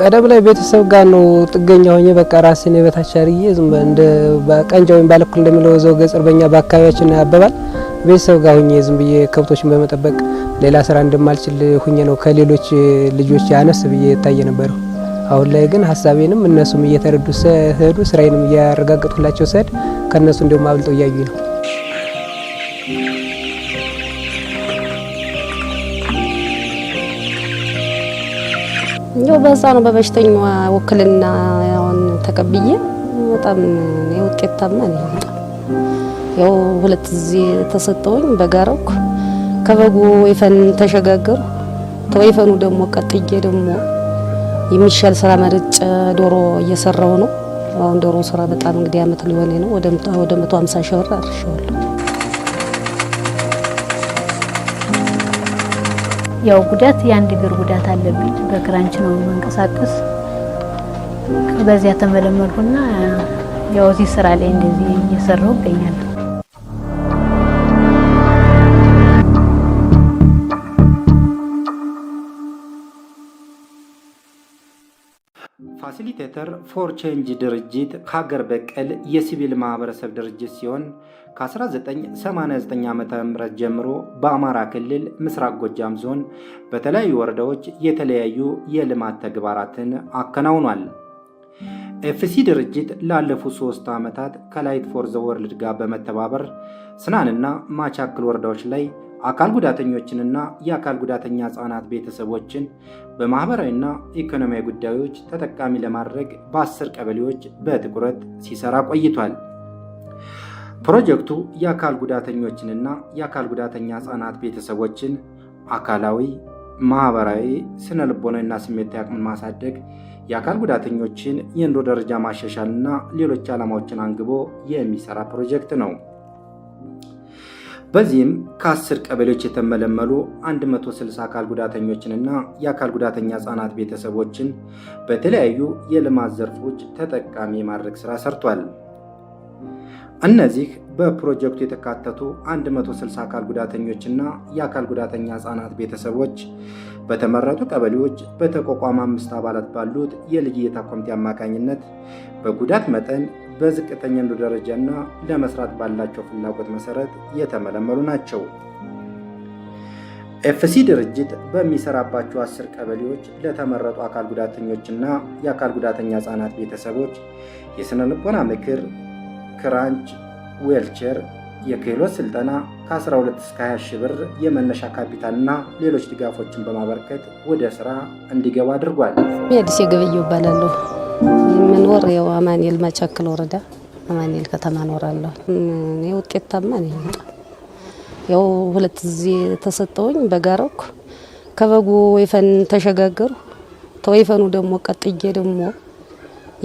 ቀደም ላይ ቤተሰብ ጋር ነው ጥገኛ ሆኜ በቃ ራሴን የበታች አድርጌ ዝም እንደ ቀንጃ ወይም ባለኩል እንደሚለው ዘው ገጽር በእኛ በአካባቢያችን ያበባል ቤተሰብ ጋር ሁኜ ዝም ብዬ ከብቶችን በመጠበቅ ሌላ ስራ እንደማልችል ሁኜ ነው ከሌሎች ልጆች ያነስ ብዬ ይታየ ነበረው። አሁን ላይ ግን ሀሳቤንም እነሱም እየተረዱ ስሄዱ ስራዬንም እያረጋገጥኩላቸው ሰድ ከእነሱ እንዲሁም አብልጠው እያዩ ነው። እንደው በዛ ነው በበሽተኛዋ ውክልና ያውን ተቀብዬ በጣም ነው ውጤታማ ነኝ። ያው ሁለት ጊዜ ተሰጠውኝ በጋረኩ ከበጉ ወይፈን ተሸጋገሩ። ተወይፈኑ ደግሞ ቀጥዬ ደግሞ የሚሻል ስራ መርጬ ዶሮ እየሰራው ነው። አሁን ዶሮ ስራ በጣም እንግዲህ አመት ሊሆን ነው ወደ 150 ሺህ ብር አርሻለሁ። ያው ጉዳት የአንድ እግር ጉዳት አለብኝ። በክራንች ነው መንቀሳቀስ። በዚያ ተመለመልኩና ያው እዚህ ስራ ላይ እንደዚህ እየሰራው እገኛለሁ። ፋሲሊቴተር ፎር ቼንጅ ድርጅት ሀገር በቀል የሲቪል ማህበረሰብ ድርጅት ሲሆን ከ1989 ዓ ም ጀምሮ በአማራ ክልል ምስራቅ ጎጃም ዞን በተለያዩ ወረዳዎች የተለያዩ የልማት ተግባራትን አከናውኗል። ኤፍሲ ድርጅት ላለፉት ሶስት ዓመታት ከላይት ፎር ዘ ወርልድ ጋር በመተባበር ስናንና ማቻክል ወረዳዎች ላይ አካል ጉዳተኞችንና የአካል ጉዳተኛ ህጻናት ቤተሰቦችን በማኅበራዊና ኢኮኖሚያዊ ጉዳዮች ተጠቃሚ ለማድረግ በአስር ቀበሌዎች በትኩረት ሲሰራ ቆይቷል። ፕሮጀክቱ የአካል ጉዳተኞችንና የአካል ጉዳተኛ ህጻናት ቤተሰቦችን አካላዊ፣ ማኅበራዊ፣ ስነ ልቦናዊና ስሜታዊ አቅምን ማሳደግ የአካል ጉዳተኞችን የኑሮ ደረጃ ማሻሻልና ሌሎች ዓላማዎችን አንግቦ የሚሰራ ፕሮጀክት ነው። በዚህም ከአስር ቀበሌዎች የተመለመሉ 160 አካል ጉዳተኞችንና የአካል ጉዳተኛ ህጻናት ቤተሰቦችን በተለያዩ የልማት ዘርፎች ተጠቃሚ የማድረግ ስራ ሰርቷል። እነዚህ በፕሮጀክቱ የተካተቱ 160 አካል ጉዳተኞችና የአካል ጉዳተኛ ህጻናት ቤተሰቦች በተመረጡ ቀበሌዎች በተቋቋመ አምስት አባላት ባሉት የልየታ ኮሚቴ አማካኝነት በጉዳት መጠን በዝቅተኛ ኑሮ ደረጃና ለመስራት ባላቸው ፍላጎት መሰረት የተመለመሉ ናቸው። ኤፍሲ ድርጅት በሚሰራባቸው አስር ቀበሌዎች ለተመረጡ አካል ጉዳተኞችና የአካል ጉዳተኛ ህጻናት ቤተሰቦች የስነ ልቦና ምክር ክራንች፣ ዌልቸር፣ የክህሎት ስልጠና ከ12 እስከ 20 ሺህ ብር የመነሻ ካፒታልና ሌሎች ድጋፎችን በማበርከት ወደ ስራ እንዲገባ አድርጓል። የአዲስ የገበየው እባላለሁ። የምንወር ያው አማኑኤል መቸክል ወረዳ አማኑኤል ከተማ እኖራለሁ። እኔ ውጤታማ ነኝ። ያው ሁለት ጊዜ ተሰጠውኝ በጋረኩ ከበጉ ወይፈን ተሸጋገሩ። ተወይፈኑ ደግሞ ቀጥዬ ደግሞ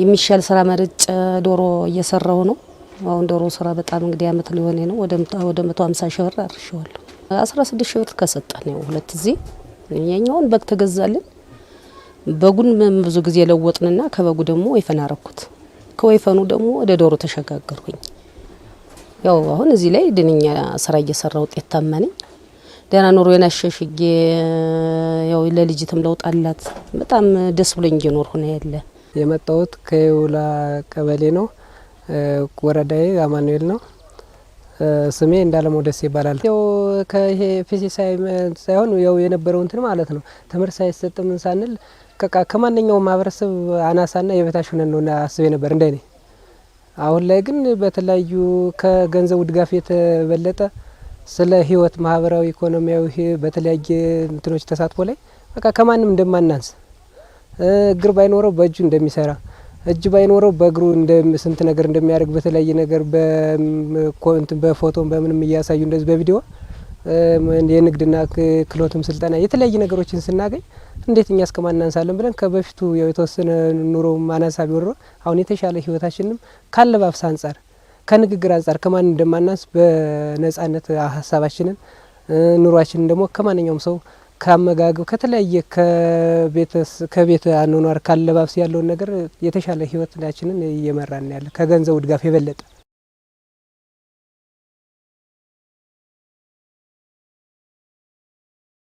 የሚሻል ስራ መርጬ ዶሮ እየሰራው ነው። አሁን ዶሮ ስራ በጣም እንግዲህ አመት ሊሆን ነው። ወደ 150 ሺህ ብር አድርሸዋለሁ። 16 ሺህ ብር ከሰጠን ነው ሁለት ጊዜ የኛውን በግ ተገዛልን። በጉን ብዙ ጊዜ ለወጥንና ከበጉ ደግሞ ወይፈን አረኩት። ከወይፈኑ ደግሞ ወደ ዶሮ ተሸጋገርኩኝ። ያው አሁን እዚህ ላይ ድንኛ ስራ እየሰራ ውጤት ታመነኝ ደህና ኑሮዬን ያው ለልጅትም ለውጥ አላት። በጣም ደስ ብሎኝ እየኖርኩ ነው ያለ የመጣሁት ከውላ ቀበሌ ነው። ወረዳዬ አማኑኤል ነው። ስሜ እንዳለመው ደስ ይባላል። ያው ከይሄ ፒሲሳይ ሳይሆን ያው የነበረው እንትን ማለት ነው ትምህርት ሳይሰጥም ሳንል ከቃ ከማንኛውም ማህበረሰብ አናሳና የበታች ሆነን ነው አስቤ ነበር እንደኔ። አሁን ላይ ግን በተለያዩ ከገንዘቡ ድጋፍ የተበለጠ ስለ ህይወት ማህበራዊ፣ ኢኮኖሚያዊ በተለያየ እንትኖች ተሳትፎ ላይ በቃ ከማንም እንደማናንስ እግር ባይኖረው በእጁ እንደሚሰራ እጅ ባይኖረው በእግሩ ስንት ነገር እንደሚያደርግ በተለያየ ነገር በኮንት በፎቶም በምንም እያሳዩ እንደዚህ በቪዲዮ የንግድና ክህሎትም ስልጠና የተለያዩ ነገሮችን ስናገኝ እንዴት እኛ እስከ እናንሳለን ብለን ከበፊቱ ያው የተወሰነ ኑሮ ማናሳ ቢወረ አሁን የተሻለ ህይወታችንም ካለባብስ አንጻር ከንግግር አንጻር ከማን እንደማናንስ በነጻነት ሀሳባችንን ኑሯችንን ደግሞ ከማንኛውም ሰው ከአመጋገብ ከተለያየ ከቤት አኗኗር ካለባብስ ያለውን ነገር የተሻለ ህይወታችንን እየመራን ያለ ከገንዘቡ ድጋፍ የበለጠ